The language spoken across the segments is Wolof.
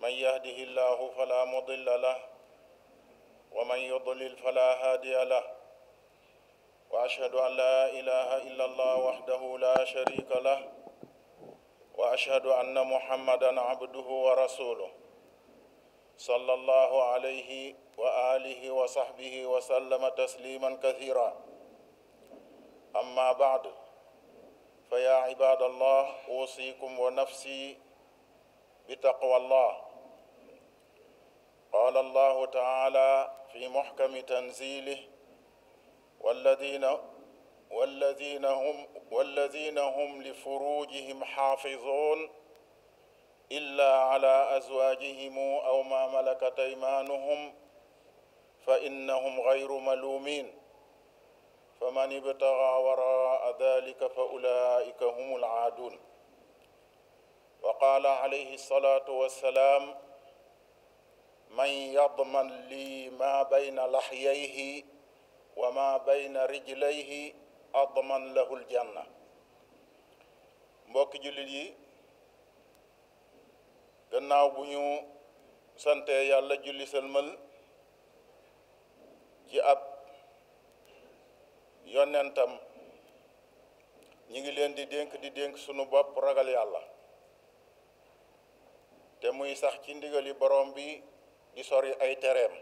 من يهده الله فلا مضل له ومن يضلل فلا هادي له واشهد ان لا اله الا الله وحده لا شريك له واشهد ان محمدا عبده ورسوله صلى الله عليه واله وصحبه وسلم تسليما كثيرا اما بعد فيا عباد الله اوصيكم ونفسي بتقوى الله قال الله تعالى في محكم تنزيله والذين والذين هم والذين هم لفروجهم حافظون إلا على أزواجهم أو ما ملكت أيمانهم فإنهم غير ملومين فمن ابتغى وراء ذلك فأولئك هم العادون wa qaala alayhi salaatu wassalaam man yadman lii maa bayna laxyayhi wa maa bayna rijlayhi adman lahul janna mbokk jullit yi gannaaw bu ñu sante yàlla julli sëlmal ci ab yonentam ñi ngi leen di dénk di dénk sunu bopp ragal yàlla te muy sax ci ndigali borom bi di sori ay tereem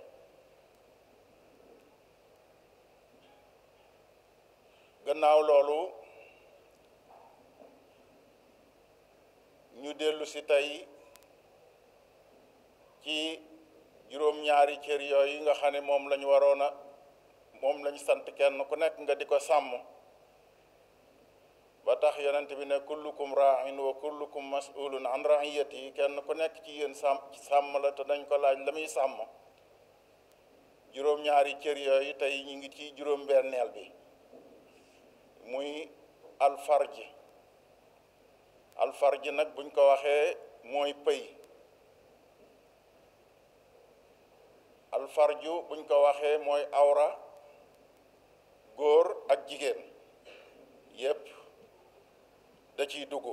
gannaaw loolu ñu dellusi tey ci juróom-ñaari cër yooyu nga xam ne moom lañu waroon a moom lañu sant kenn ku nekk nga di ko sàmm ba tax yonent bi ne kullukum raain na kullukum masulun an raiyati kenn ku nekk ci yéen sàmm sàmm la te dañ ko laaj la muy sàmm juróom-ñaari cër yooyu tey ñu ngi ci juróom-benneel bi muy alfarji alfarji nag buñ ko waxee mooy pëy alfarju buñ ko waxee mooy awra góor ak jigéen da ciy dugg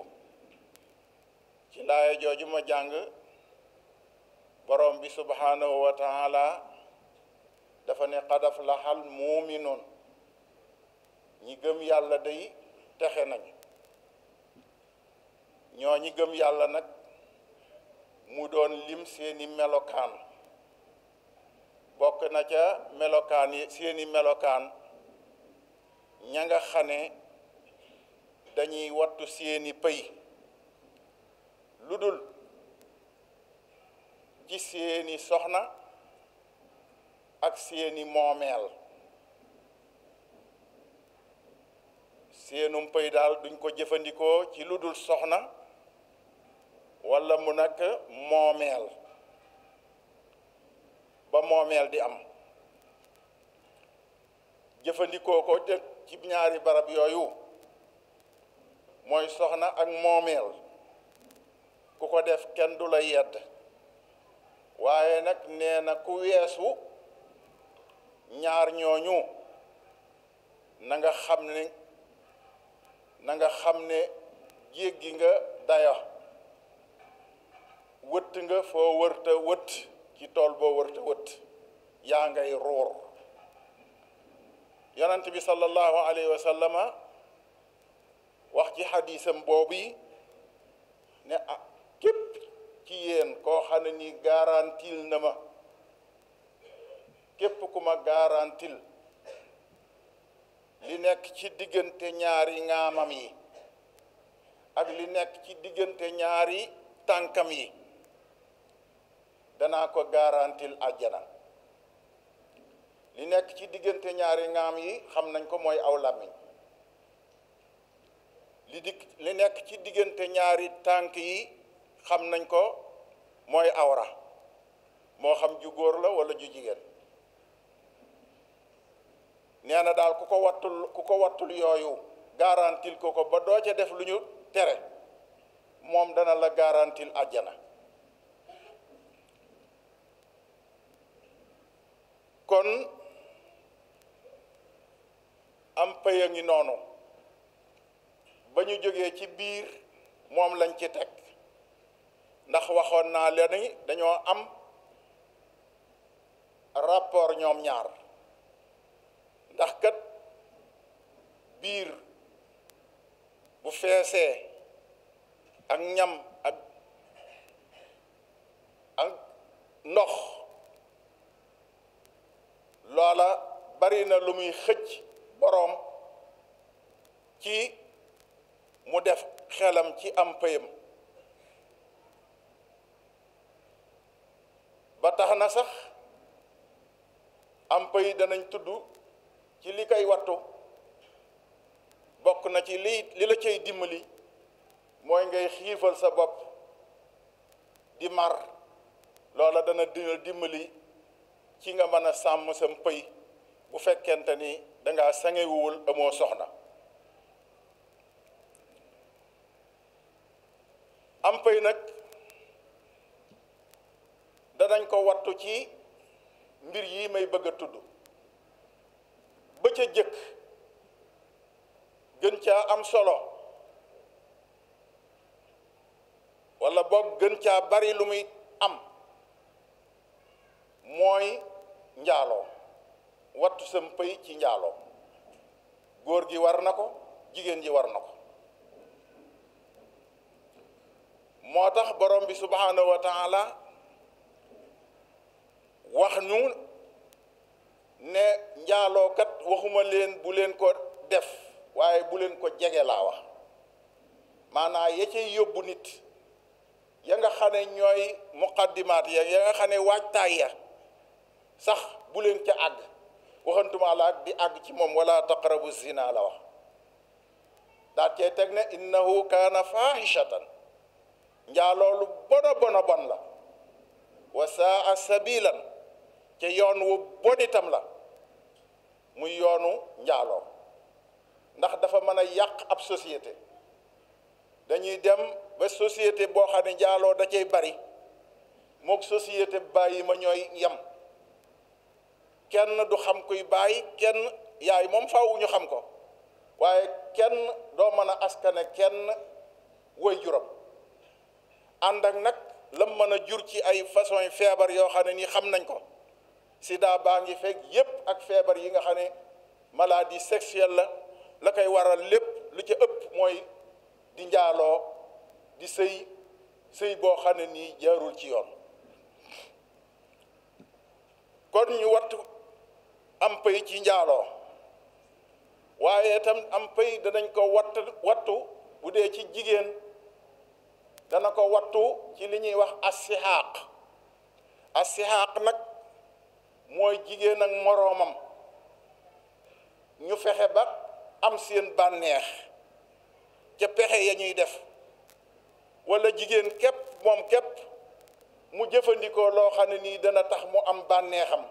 ci laaya jooju ma jàng borom bi subhanahu wa taala dafa ne qad aflaxal muuminoon ñi gëm yàlla day texe nañu ñoo ñi gëm yàlla nag mu doon lim seeni melokaan bokk na ca melokaan yi seeni melokaan ña nga xane dañuy wattu seeni pëy lu dul ci seeni soxna ak seeni moomeel seenum pëy daal duñ ko jëfandikoo ci lu dul soxna walla mu nag moomeel ba moomeel di am jëfandikoo ko ci ñaari barab yooyu mooy soxna ak moomeel ku ko def kenn du la yedd waaye nag nee na ku weesu ñaar ñooñu na nga xam ne na nga xam ne jéggi nga daya wëtt nga foo wërta wëtt ci tool boo wërta wëtt yaa ngay ruur yonent bi sallallahu alayhi wa wax ci xadisam boobu yi ne ah képp ci yéen koo xam ni garantil na ma képp ku ma garantil li nekk ci diggante ñaari ŋaamam yi ak li nekk ci diggante ñaari tànkam yi danaa ko garantil àjjana li nekk ci diggante ñaari ŋaam yi xam nañ ko mooy aw làmmiñ li di li nekk ci diggante ñaari tànk yi xam nañ ko mooy awra moo xam ju góor la walla ju jigéen neena daal ku ko wattul ku ko wattul yooyu garantiil ko ko ba doo def lu ñu tere moom dana la garantil àjjana kon am pay a ngi noonu ba ñu jógee ci biir moom lañ ci teg ndax waxoon naa ni dañoo am rapport ñoom ñaar ndax kat biir bu feesee ak ñam ak ak ndox loola bari na lu muy xëcc boroom ci mu def xelam ci am payam ba tax na sax am pay danañ tudd ci li koy wattu bokk na ci li li la cay dimbali mooy ngay xiifal sa bopp di mar loola dana di dimbali ci nga mën a sàmm sam pay bu fekkente ni danga sangewuwul amoo soxna am pay nag danañ ko wattu ci mbir yi may bëgg a tudd ba ca jëkk gën caa am solo walla boog gën caa bari lu muy am mooy njaaloo wattu sam pay ci njaaloo góor gi war na ko jigéen ji war na ko moo tax borom bi subhanahu wa taala wax ñu ne njaalookat waxuma leen bu leen ko def waaye bu leen ko jege laa wax maanaa ya cay yóbbu nit ya nga xam ne ñooy muqaddimaat ya ya nga xam ne waajtaay ya sax bu leen ca àgg waxantuma la di àgg ci moom wala taqrabu zina la wax daat cee teg ne innahu kaana fahishatan njaaloo lu bona bona bon la wa saa sabilan ca yoon wu bon itam la muy yoonu njaaloo ndax dafa mën a yàq ab société dañuy dem ba société boo xam ne njaaloo da cay bari mook société bàyyi ma ñooy yam kenn du xam kuy bàyyi kenn yaay moom fawuñu xam ko waaye kenn doo mën a askane kenn woy juram ànd ak nag lam mën a jur ci ay façon yi feebar yoo xam ne nii xam nañ ko sida baa ngi fekk yépp ak feebar yi nga xam ne maladie sexuelle la la koy waral lépp lu ci ëpp mooy di njaaloo di sëy sëy boo xam ne nii jaarul ci yoon kon ñu wattu am pay ci njaaloo waaye itam am pay danañ ko watt wattu bu dee ci jigéen dana ko wattu ci li ñuy wax assixaaq assixaaq nag mooy jigéen ak moroomam ñu fexe ba am seen bànneex ca pexe ya ñuy def walla jigéen képp moom képp mu jëfandikoo loo xam ne nii dana tax mu am bànneexam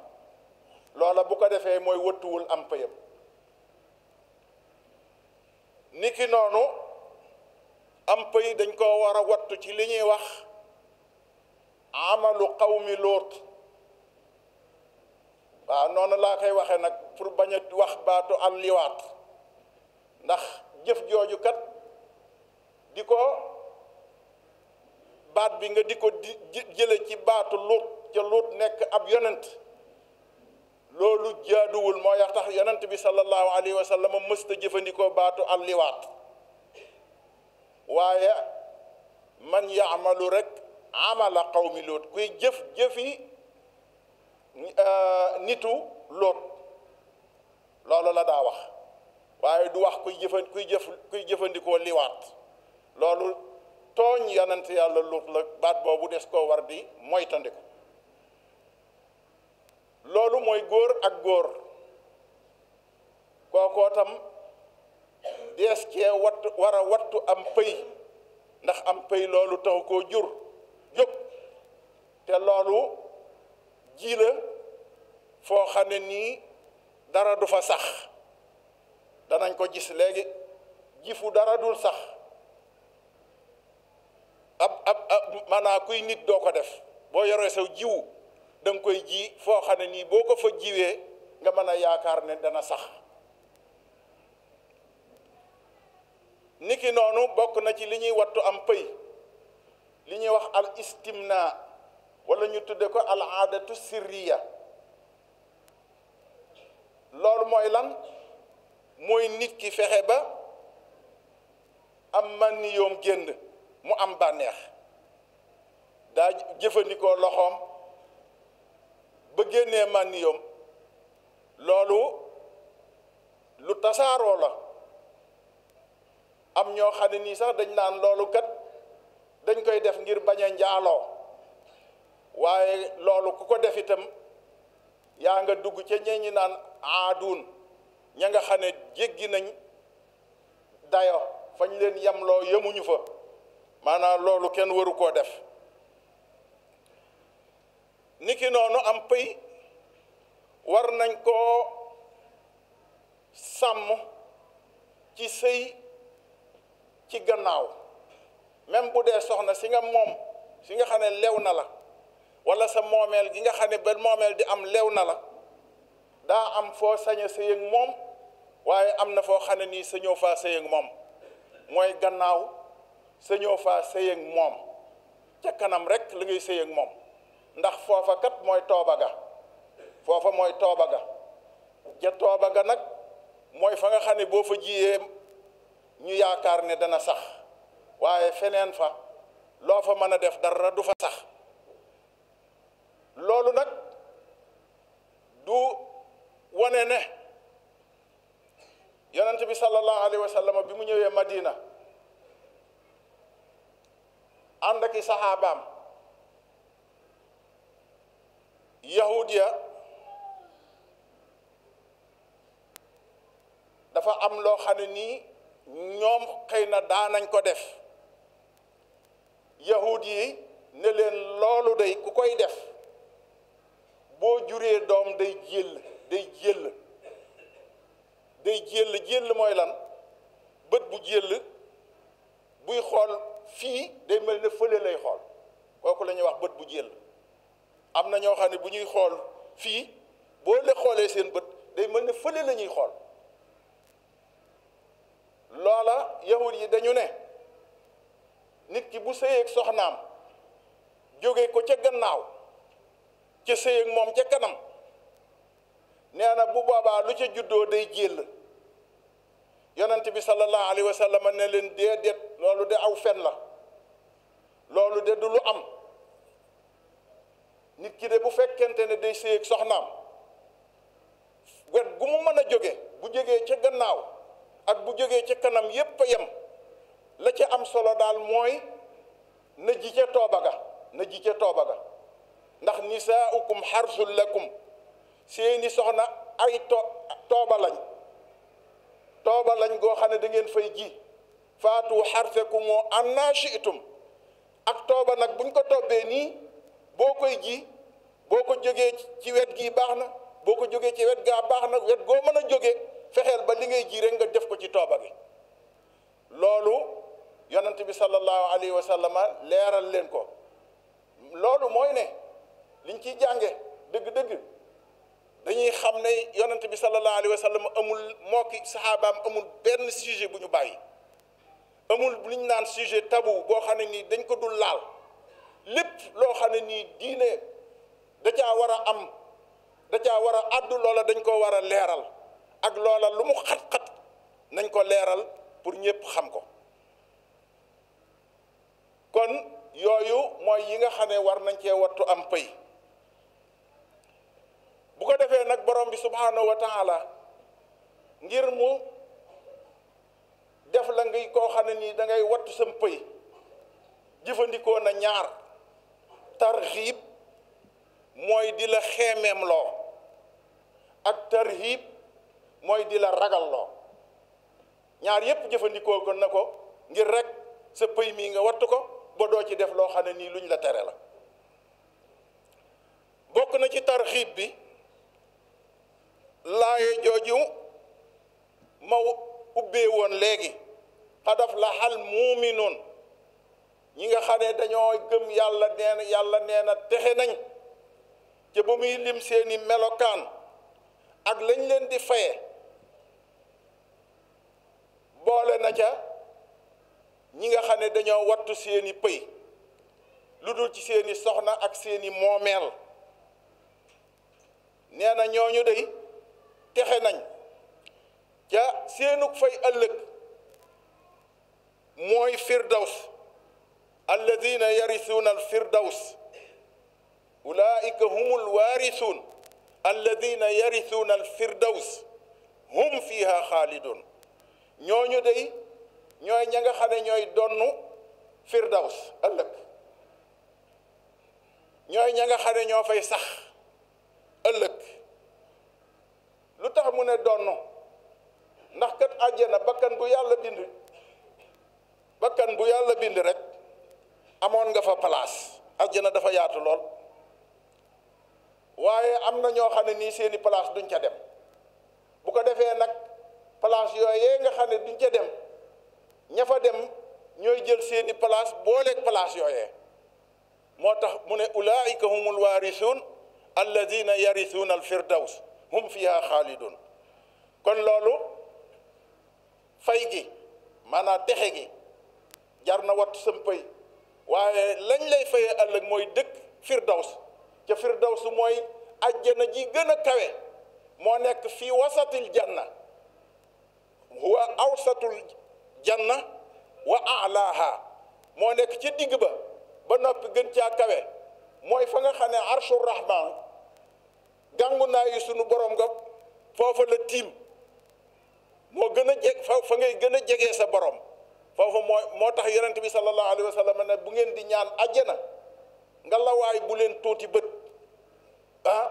loola bu ko defee mooy wëttuwul am payam ki noonu am yi dañ ko war a wattu ci li ñuy wax amalu mi Luut waaw noonu laa koy waxee nag pour bañ a wax baatu al liwaat ndax jëf jooju kat di ko baat bi nga di ko di jële ci baatu Luut ca Luut nekk ab yonent loolu jaaduwul moo tax yonent bi sallallahu alayhi wa sallam mësta jëfandikoo baatu al liwaat waaye man yaamalu rek amala qawmi loot kuy jëf jëfi euh, nitu loot loolu la daa wax waaye du wax kuy jëfan kuy jëf kuy jëfandikoo liwaat loolu tooñ yonent yàlla luut la baat boobu des koo war di moytandiku loolu mooy góor ak góor kookoo dees cee wattu war wattu am pëy ndax am pëy loolu taxu koo jur jóg te loolu ji la foo xam ne nii dara du fa sax danañ ko gis léegi jifu fu dara dul sax ab ab ab maanaa kuy nit doo ko def boo yoree saw jiwu danga koy ji foo xam ne nii boo ko fa jiwee nga mën a yaakaar ne dana sax niki noonu bokk na ci li ñuy wattu am pëy li ñuy wax al istimna wala ñu tudde ko al aadatu sirriya loolu mooy lan mooy nit ki fexe ba am man génn mu am bànneex daa jëfandikoo loxoom ba génnee man ni loolu lu tasaaroo la am ñoo xam nii sax dañ naan loolu kat dañ koy def ngir bañ a njaaloo waaye loolu ku ko def itam yaa nga dugg ca ñee ñi naan aaduun ña nga xam jéggi nañ dayo fañ leen yamloo yamuñu fa maanaam loolu kenn waru koo def niki noonu am pëy war nañ koo sàmm ci sëy ci gannaaw même bu dee soxna si nga moom si nga xam ne lew na la wala sa moomeel gi nga xam ne ba moomeel di am lew na la daa am foo sañ a moom waaye am na foo xam ne nii sañoo faa sëy moom mooy gannaaw sañoo faa sëy moom ca kanam rek la ngay sëy moom ndax foofa kat mooy tooba ga foofa mooy tooba ga ja tooba ga nag mooy fa nga xam ne boo fa jiyee ñu yaakaar ne dana sax waaye feneen fa loo fa mën a def dara du fa sax loolu nag du wane ne yonent bi sallallahu alayhi wa bi mu ñëwee Madina ànd ak i saxaabaam yahudiya dafa am loo xam nii ñoom xëy na daanañ ko def yahud yi ne leen loolu day ku koy def boo juree doom day jël day jël day jël jël mooy lan bët bu jël buy xool fii day mel ne fële lay xool kooku la ñuy wax bët bu jël am na ñoo xam ne bu ñuy xool fii boo le xoolee seen bët day mel ne fële la ñuy xool loola yahud yi dañu ne nit ki bu sëyeeg soxnaam jóge ko ca gannaaw ca sëyeeg moom ca kanam nee na bu boobaa lu ca juddoo day jéll yonent bi sallallahu alayhi wa sallam ne leen déedéet loolu de aw fen la loolu de du lu am nit ki de bu fekkente ne day sëyeeg soxnaam wet gu mu mën a jóge bu jógee ca gannaaw ak bu jógee ca kanam yépp a yem la ci am solo daal mooy na ji ca tooba ga na ji ca tooba ga ndax nisaaukum xarsul lakum seeni soxna ay tooba lañ tooba lañ goo xam ne da fay ji faatu xarsakum anna shi'tum ak tooba nag buñ ko tobbee nii boo koy ji boo ko jógee ci wet gii baax na boo ko jógee ci wet gaa baax na wet goo mën a jóge fexeel ba li ngay ji rek nga def ko ci tooba gi loolu yonant bi sallallahu alayhi wa leeral leen ko loolu mooy ne liñ ciy jànge dëgg-dëgg dañuy xam ne yonent bi sallallahu alayhi wa sallam amul moo ki saxaabaam amul benn sujet bu ñu bàyyi amul liñ naan sujet tabou boo xam ne nii dañ ko dul laal lépp loo xam ne nii diine da caa war a am da war a àddu loola dañ ko war a leeral ak loola lu mu xat-xat nañ ko leeral pour ñëpp xam ko kon yooyu mooy yi nga xam ne war nañ cee wattu am pay bu ko defee nag borom bi subhanahu wa taala ngir mu def la ngay koo xam ne nii dangay ngay wattu sam pay jëfandikoo na ñaar tarxiib mooy di la xeemeem loo ak tarxiib mooy di la ragalloo ñaar yépp jëfandikoo ko na ko ngir rekk sa pëy mii nga wattu ko ba doo ci def loo xam ne nii luñ la tere la bokk na ci tarxiib bi laaye jooju ma ubbee woon léegi xadaf la xal muuminoon ñi nga xam ne dañoo gëm yàlla neena yàlla neena texe nañ te ba muy lim seeni melokaan ak lañ leen di faye boole na ca ñi nga xam ne dañoo wattu seeni pëy lu dul ci seeni soxna ak seeni moomeel nee na ñooñu dey texe nañ ca seenug fay ëllëg mooy firdaws alladina yarisuuna al firdaws ulaika humul waarisuun alladina yarisuuna al firdaws hum fiha xaalidun ñooñu day ñooy ña nga xam ne ñooy donnu firdaws ëllëg ñooy ña nga ñoo fay sax ëllëg lu tax mu ne donnu ndax kat àjjana bakkan bu yàlla bind bakkan bu yàlla bind rek amoon nga fa place àjjana dafa yaatu lool waaye am na ñoo xam ne nii seeni place duñ ca dem bu ko defee nag place yooyee nga xam ne duñ ca dem ña fa dem ñooy jël seeni place booleeg place yooyee moo tax mu ne ulaayika humul waarisuun alladina yarisuuna alfirdaws hum fiha xaalidun kon loolu fay gi maanaam texe gi jar na wat sëmpëy waaye lañ lay faye ëllëg mooy dëkk firdaws ca firdaws mooy ajjana ji gën a kawe moo nekk fii wasatil janna huwa awsatul na wa alaaha moo nekk ci digg ba ba noppi gën caa kawe mooy fa nga xam ne arshu rahman gàngu naa sunu borom nga foofa la tiim moo gën a jeg fa ngay gën a jegee sa borom foofu moo moo tax yonent bi sallallahu alayhi wa ne bu ngeen di ñaan ajjana nga lawaay bu leen tuuti bët ah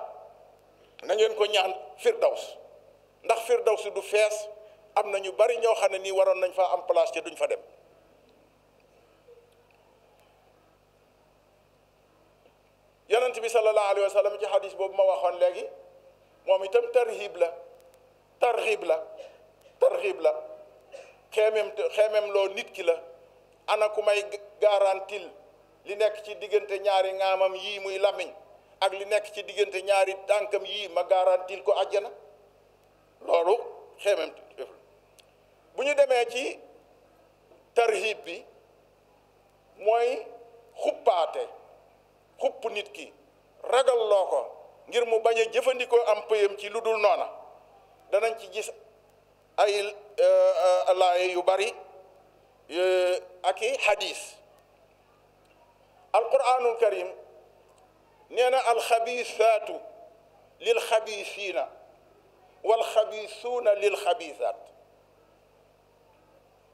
na ngeen ko ñaan firdaws ndax firdaws du fees am na ñu bari ñoo xam ne nii waroon nañ fa am place te duñ fa dem yonent bi sallallahu alayhi wa sallam ci xadis boobu ma waxoon léegi moom itam tarhib la tarhib la tarhib la loo nit ki la ana ku may garantil li nekk ci diggante ñaari ŋaamam yii muy làmmiñ ak li nekk ci diggante ñaari tànkam yii ma garantil ko àjjana loolu xeemem bu ñu demee ci tarhib bi mooy xuppaate xupp nit ki ragal loo ko ngir mu bañ a jëfandikoo am pëyam ci lu dul noona danañ ci gis ay euh, euh, laaye yu bari euh, ak i xadiis alquranul karim nee na alxabisaatu lilxabisiina walxabisuuna lilxabisaat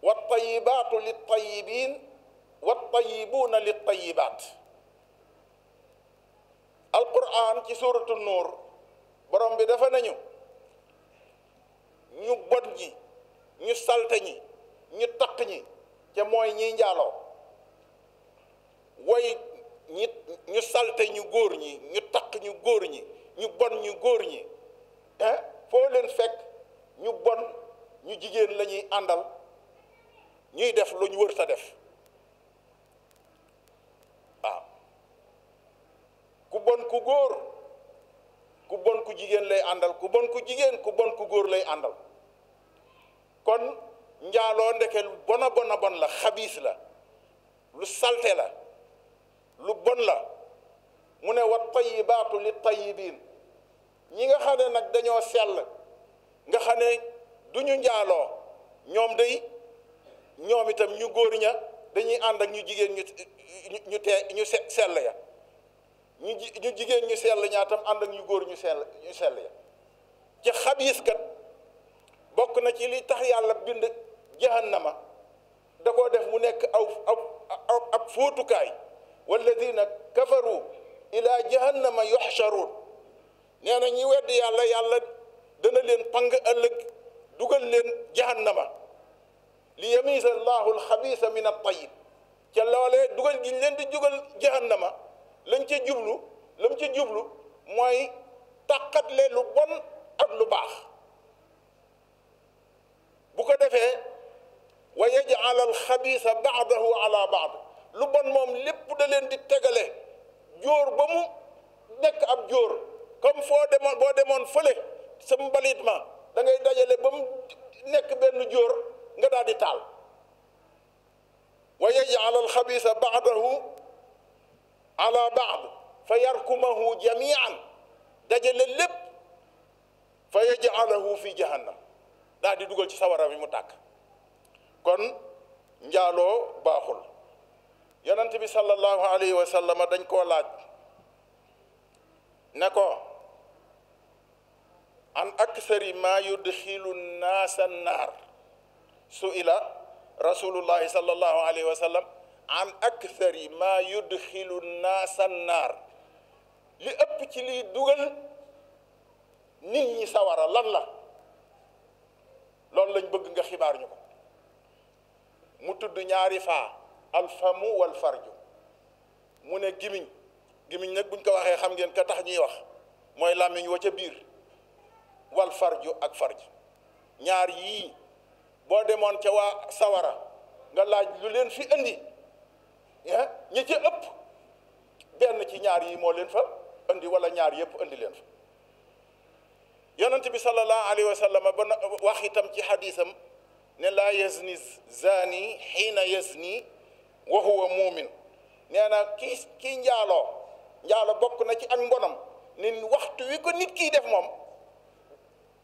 wattayibaatu littayibiin wattayibuuna littayibaat alquran ci suuratu nuur borom bi dafa nañu ñu bon ñi ñu salte ñi ñu taq ñi te mooy ñiy njaaloo way ñi ñu salte ñu góor ñi ñu taq ñu góor ñi ñu bon ñu góor ñi eh? foo leen fekk ñu bon ñu jigéen lañuy àndal ñuy def lu ñu wër sa def waaw ah. ku bon ku góor ku bon ku jigéen lay àndal ku bon ku jigéen ku bon ku góor lay àndal kon njaaloo ndeke lu bon a bon a bon la xabiis la lu salte la lu bon la mu ne wat wa tayibaatu li biin ñi nga xam ne nag dañoo sell nga xam ne du ñu njaaloo ñoom day ñoom itam ñu góor ña dañuy ànd ak ñu jigéen ñu ñu tee ñu sell ya ñu jigéen ñu sell ñaa tam ànd ak ñu góor ñu sell ñu sell ya ci xabiis bokk na ci li tax yàlla bind jahannama da koo def mu nekk aw aw ab fóotukaay walladina kafaru ila jahannama yuxcharuun nee na ñi wedd yàlla yàlla dana leen pang ëllëg dugal leen jahannama li yamiisa allahu alxabiisa min attayib ca loolee dugal gi leen di jugal jahannama lañ ca jublu lañ ca jublu mooy tàqatle lu bon ak lu baax bu ko defee wa yaj'al alxabiisa baadahu ala baad lu bon moom lépp da leen di tegale jóor ba mu nekk ab jóor comme foo demoon boo demoon fële sa mbalit ma da ngay dajale ba mu nekk benn jóor nga daal di taal wa yaj'al alxabisa baadahu ala baad fa yarkumahu jamian dajale lépp fa yaj'alahu fi jahannam daal dugal ci sawara bi mu tàkk kon njaaloo baaxul yonent bi sallallahu alayhi wa dañ koo laaj ne ko an aksari ma yudxilu naasa naar su'ila rasulullahi sallallahu alayhi wa sallam an akthari ma yudxilu naasa naar li ëpp ci liy dugal nit ñi sawara lan la loolu lañ bëgg nga xibaar ñu ko mu tudd ñaari faa alfamu wal farju mu ne gimiñ gimiñ nag buñ ko waxee xam ngeen ka tax ñuy wax mooy làmmiñ wa ca biir wal farju ak farj ñaar yii boo demoon ca waa sawara nga laaj lu leen fi indi ah, ñi ci ëpp benn ci ñaar yi moo leen fa indi wala ñaar yëpp indi leen fa yonent bi sallallahu alayhi wa sallam ba wax itam ci xadisam ne laa yazni zani xiina yazni wa huwa muumin nee na kii kii njaaloo njaalo bokk na ci ak mbonam ni waxtu wi ko nit kii def moom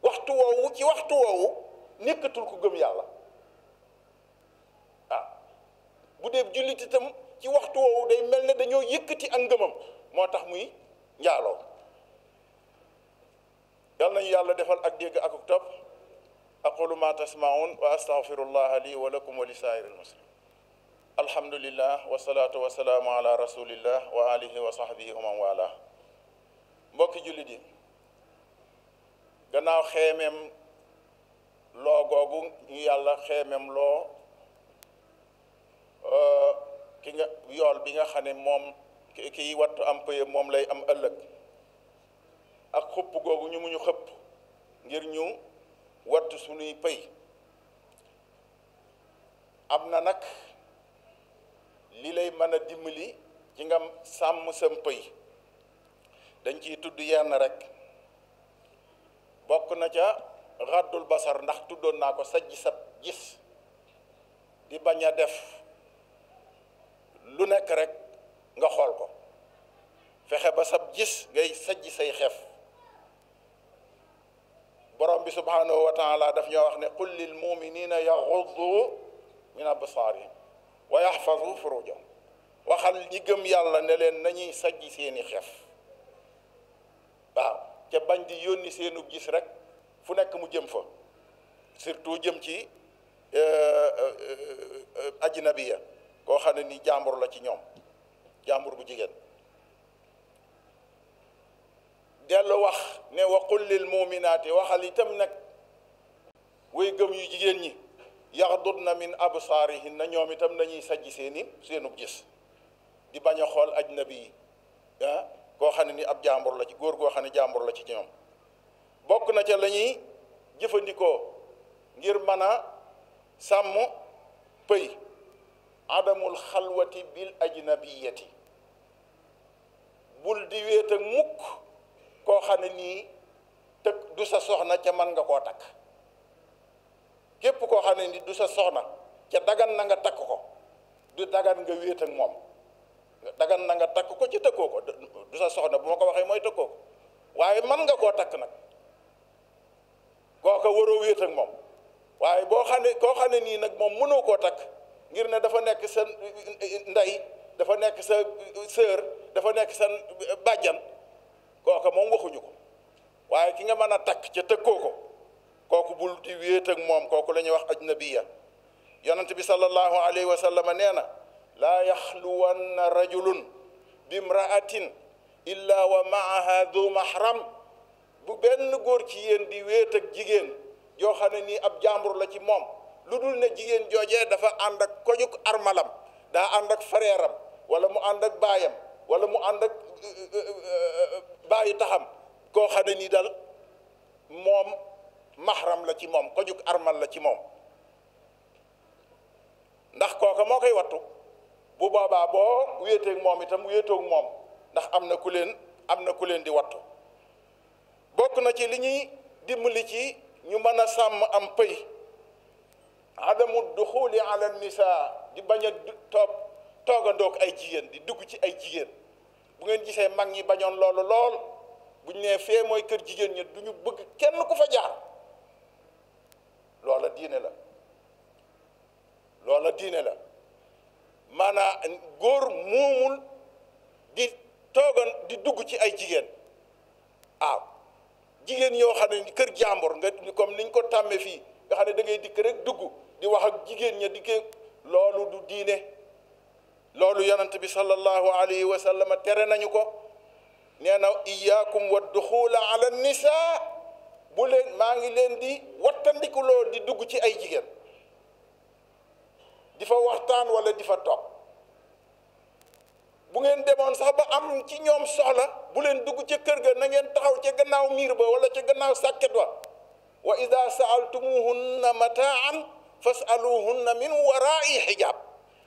waxtu woowu ci waxtu woowu nekkatul ku gëm yàlla ah bu dee jullit itam ci waxtu woowu day mel ne dañoo yëkkati ak ngëmam moo tax muy njaaloo yal nañu yàlla defal ak dégg ak ak topp aqulu ma tasmaun wa astaghfirullah li wa lakum wa li saa'iril alhamdulillah wasalaatu wasalaamu wa alihi wa sahbihi wa man mbokki jullit yi gannaaw xeemeem loo googu ñu yàlla xeemem loo euh, ki nga yool bi nga xam ne moom kiy wattu am paye moom lay am ëllëg ak xupp googu ñu mu ñu xëpp ngir ñu wattu suñuy pëy am na nag li lay mën a dimbali ci nga sàmm sam pay dañ ci tudd yenn rek bokk na ca raddul basar ndax tuddoon naa ko sajj sab gis di bañ a def lu nekk rek nga xool ko fexe ba sab gis ngay sajj say xef borom bi subhanahu wa taala daf ñoo wax ne qul lil muminina yaxuddu min absaarihim wa yaxfazu furujahum waxal ñi gëm yàlla ne leen nañuy sajj seeni xef waaw ca bañ di yónni seenu gis rek fu nekk mu jëm fa surtout jëm ci euh, euh, euh, ajnabiya koo xam ne ni jàmbur la ci ñoom jàmbur bu jigéen dellu wax ne waqul lil muminaati waxal itam nag way gëm yu jigéen ñi yaxdudna min absaarihinna ñoom itam nañuy sajj seeni seenu gis di bañ a xool ajnabi yi ah koo xam ne ni ab jàmbur la ci góor goo xam ne jàmbur la ci ñoom bokk na ca lañuy jëfandikoo ngir mën a sàmm pëy adamul xalwati bi bi ajnabiyati bul di wéet ak mukk koo xam ne nii te du sa soxna ca mën nga koo takk képp koo xam ne ni du sa soxna ca dagan na nga takk ko du dagan nga wéet ak moom dagan na nga takk ko ci tëkkoo ko du sa soxna bu ma ko waxee mooy tëkkoo ko waaye mën nga koo takk nag kooka waroo wéet moom waaye boo xam ne koo xam ne nii nag moom mënoo koo takk ngir ne dafa nekk sa ndey dafa nekk sa sœur dafa nekk sa bàjjan kooka moom waxuñu ko waaye ki nga mën a takk ca tëkkoo ko kooku bul di wéet ak moom kooku la ñuy wax ajnabiya yonent bi sallallahu alayhi wa sallama nee na laa yaxluwanna rajulun bimraatin illa wa maaha du mahram bu benn góor ci yéen di wéet ak jigéen yoo xam ne nii ab jàmbur la ci moom lu dul ne jigéen joojee dafa ànd ak kojuk armalam daa ànd ak fareeram wala mu ànd ak baayam wala mu ànd ak euh, euh, euh, baayu taxam koo xam ne nii dal moom mahram la ci moom kojuk armal la ci moom ndax kooka moo koy wattu bu boobaa boo wéeteeg moom itam wéetoog moom ndax am na ku leen am na ku leen di wattu bokk na ci li ñuy dimbali ci ñu mën a sàmm am pëy adamu duxuli ala nisa di bañ a toog toogandoog ay jigéen di dugg ci ay jigéen bu ngeen gisee mag ñi bañoon loolu lool buñ nee fee mooy kër jigéen ñi du ñu bëgg kenn ku fa jaar loola diine la loola diine la maanaam góor muumul di toogan di dugg ci ay jigéen aaw jigéen yoo xam ne kër jàmbur nga comme niñ ko tàmmee fii nga xam ne dangay dikk rek dugg di wax ak jigéen ña dikkee loolu du diine loolu yonent bi sallallahu alayhi wa sallam tere nañu ko nee na iyaakum wa duxuula ala nisaa bu leen maa ngi leen di wattandikuloo di dugg ci ay jigéen di fa waxtaan wala di fa toog bu ngeen demoon sax ba am ci ñoom soxla bu leen dugg ca kër ga na ngeen taxaw ca gannaaw miir ba wala ca gannaaw sàkket wa wa ida saaltumuhunna mataan fasaluhunna min warai xijaab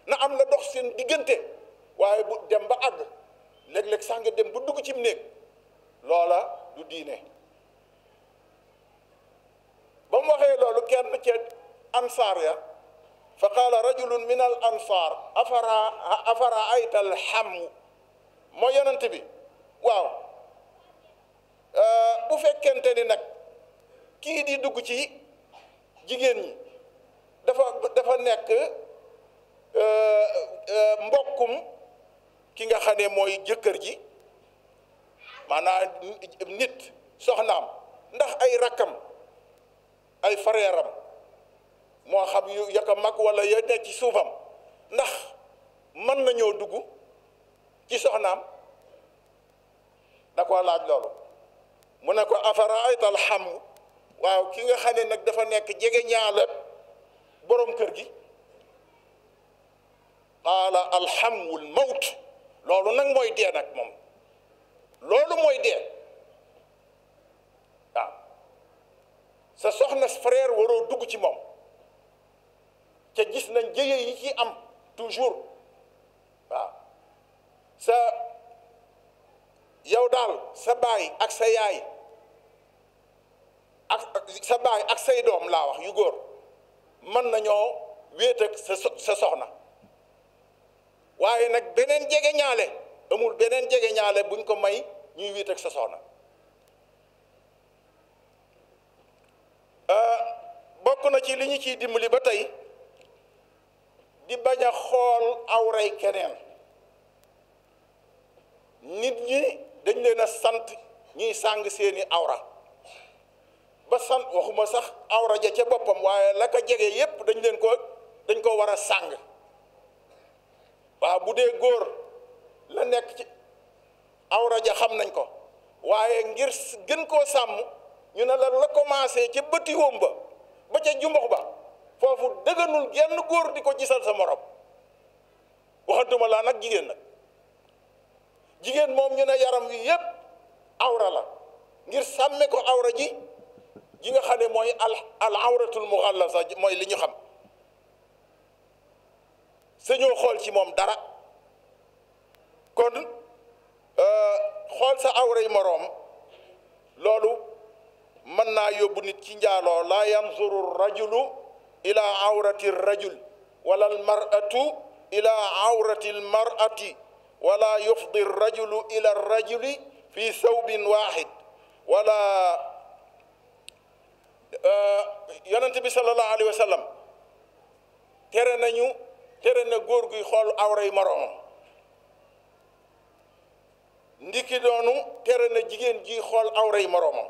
na am na dox seen diggante waaye bu dem ba àgg léeg-léeg sax nga dem bu dugg ci néeg loola du diine ba mu waxee loolu kenn ca ansaar ya fa qaala rajulun min al ansaar afara afara ayta alxamu mooy bi waaw bu fekkente ni nag kii di dugg ci jigéen ñi dafa dafa nekk mbokkum ki nga xam ne mooy jëkkër ji maanaam nit soxnaam ndax ay rakkam ay fareeram moo xam yu ya ko mag wala ya nekk ci suufam ndax mën nañoo dugg ci soxnaam da koo laaj loolu mu ne ko afara aytal xam waaw ki nga xam ne nag dafa nekk jege ñaale boroom kër gi qaala alhamwul mawt loolu nag mooy dee nag moom loolu mooy dee waaw sa soxna frère waroo dugg ci moom te gis nañ jëye yi ci am toujours waaw sa yow daal sa baay ak sa yaay ak sa baay ak say doom laa wax yu góor mën nañoo wéet ak sa soxna waaye nag beneen jege ñaale amul beneen jege ñaale buñ ko may ñuy wéet sa soxna euh, bokk na ci li ñu ciy dimbali ba tey di bañ a xool awray keneen nit ñi dañ leen a sant ñuy sàng seeni awra ba sant waxuma sax awra ja ca boppam waaye la ko jege yépp dañ leen ko dañ ko war a sàng waaw bu dee góor la nekk ci awra ja xam nañ ko waaye ngir gën koo sàmm ñu ne la la commencé ca bëti wóom ba ba ca jumbox ba foofu dëgganul genn góor di ko gisal sa morom waxantuma laa nag jigéen nag jigéen moom ñu ne yaram wi yépp awra la ngir sàmme ko awra ji ji nga xam ne mooy al al awratul muxallasa mooy li ñu xam sañoo xool ci moom dara kon euh, xool sa awra yi moroom loolu mën naa yóbbu nit ci njaaloo laa yanzuru rajulu ila awrati rajul wala almaratu ila awrati almarati wala yufdi rajulu ila rajuli fi sawbin waxid wala uh, yonent bi sallallahu alayhi wa sallam tere nañu tere na góor guy xool awra yi moroomam ndiki doonu tere na jigéen ji xool awra yi moroomam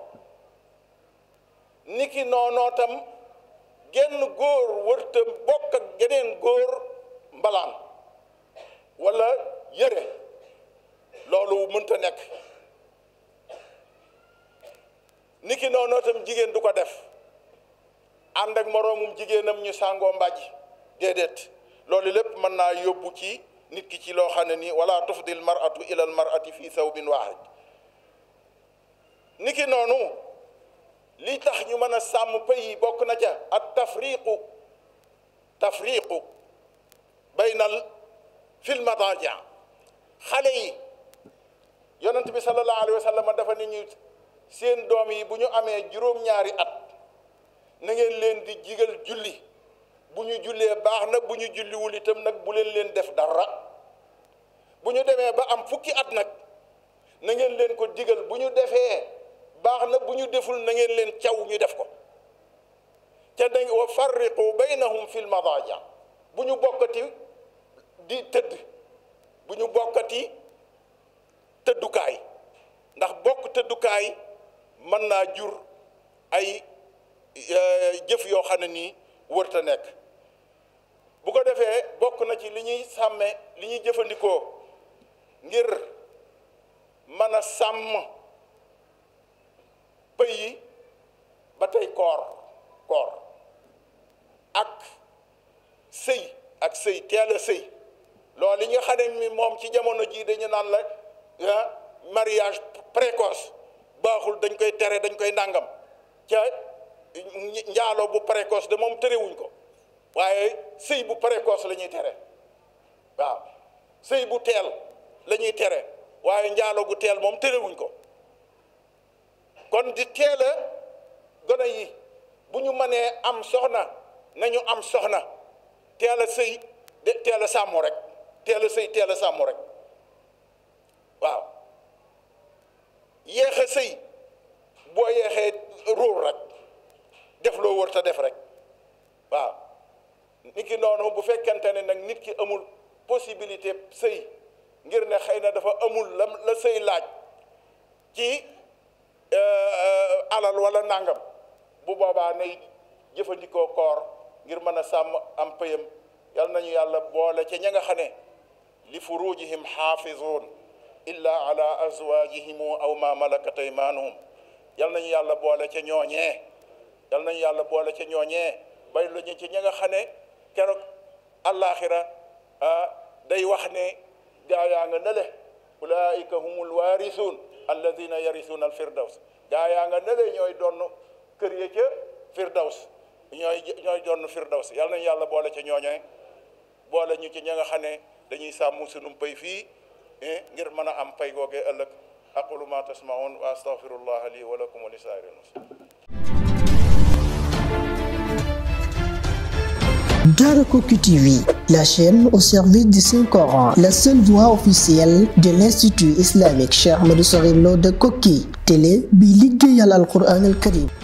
niki tam genn góor wërta bokk ak geneen góor mbalaan wala yére loolu mënta nekk niki noonu itam jigéen du ko def ànd ak moroomum jigéenam ñu sàngoo mbàjj déedéet loolu lépp mën naa yóbbu ci nit ki ci loo xam ne nii wala tufdil maratu ila al marati fi thawbin wahid niki noonu lii tax ñu mën a sàmm pays bokk na ca ak tafriqu tafriqu baynal fil madaaja xale yi yonent bi sallallahu alayhi wa sallam dafa nit ñu seen doom yi bu ñu amee juróom-ñaari at na ngeen leen di jigal julli bu ñu jullee baax na bu ñu julliwul itam nag bu leen leen def dara bu ñu demee ba am fukki at nag na ngeen leen ko digal bu ñu defee baax na bu ñu deful nangeen leen caw ñu def ko te dañ wa farriqu baynahum fil madaaja bu ñu bokkati di tëdd bu ñu bokkati tëddukaay ndax bokk tëddukaay mën naa jur ay e, jëf yoo xam ne nii wërta nekk bu ko defee bokk na ci li ñuy sàmme li ñuy jëfandikoo ngir mën a sàmm pëy yi ba tey koor koor ak sëy ak sëy teel sëy loolu yi nga xam ne mi moom ci jamono jii dañu naan la ah précoce baaxul dañ koy tere dañ koy nàngam ca njaaloo bu précoce de moom terewuñ ko waaye sëy bu précoce la ñuy tere waaw sëy bu teel la ñuy tere waaye njaaloo bu teel moom terewuñ ko kon di teel gone yi bu ñu mënee am soxna nañu am soxna teel sëy de a sàmmu rek teel a sëy teel a sàmmu rek waaw yéex sëy boo yeexee ruur rek def loo wër def rek waaw nit ki noonu bu fekkente ne nag nit ki amul possibilité sëy ngir ne xëy na dafa amul la la sëy laaj ci Euh, euh, alal walla nangam bu boobaa jëfandikoo koor ngir mën a sàmm am payam yal nañu yàlla boole ca ña nga xam ne li furujihim xaafizuun illa ala azwajihim aw ma malakat aymanuhum yal nañu yàlla boole ca ñooñee yal nañu yàlla boole ca ñooñee bay lañu ci ñanga xane keroog àllaaxira ah, day wax ne gaayaa nga nele ulaika humul waarisuun alladina yarisuuna al firdaws gaa yaa nga ne lay ñooy donn kër ya ca firdaws ñooy ñooy donn firdaws yàlla nañu yàlla boole ca ñooñee boole ñu ci ña nga xam ne dañuy sàmm sunum pay fii eh, ngir mën a am pay googee ëllëg aqulu ma tasmaun wa astaghfirullah li wa lakum wa li saa'iril muslimin Daarakoki TV, la chaîne au service du Saint-Coran, la seule voix officielle de l'Institut islamique Cheikh Ahmadou Sorilo de Koki, télé bi liggéeyal al Quran al Karim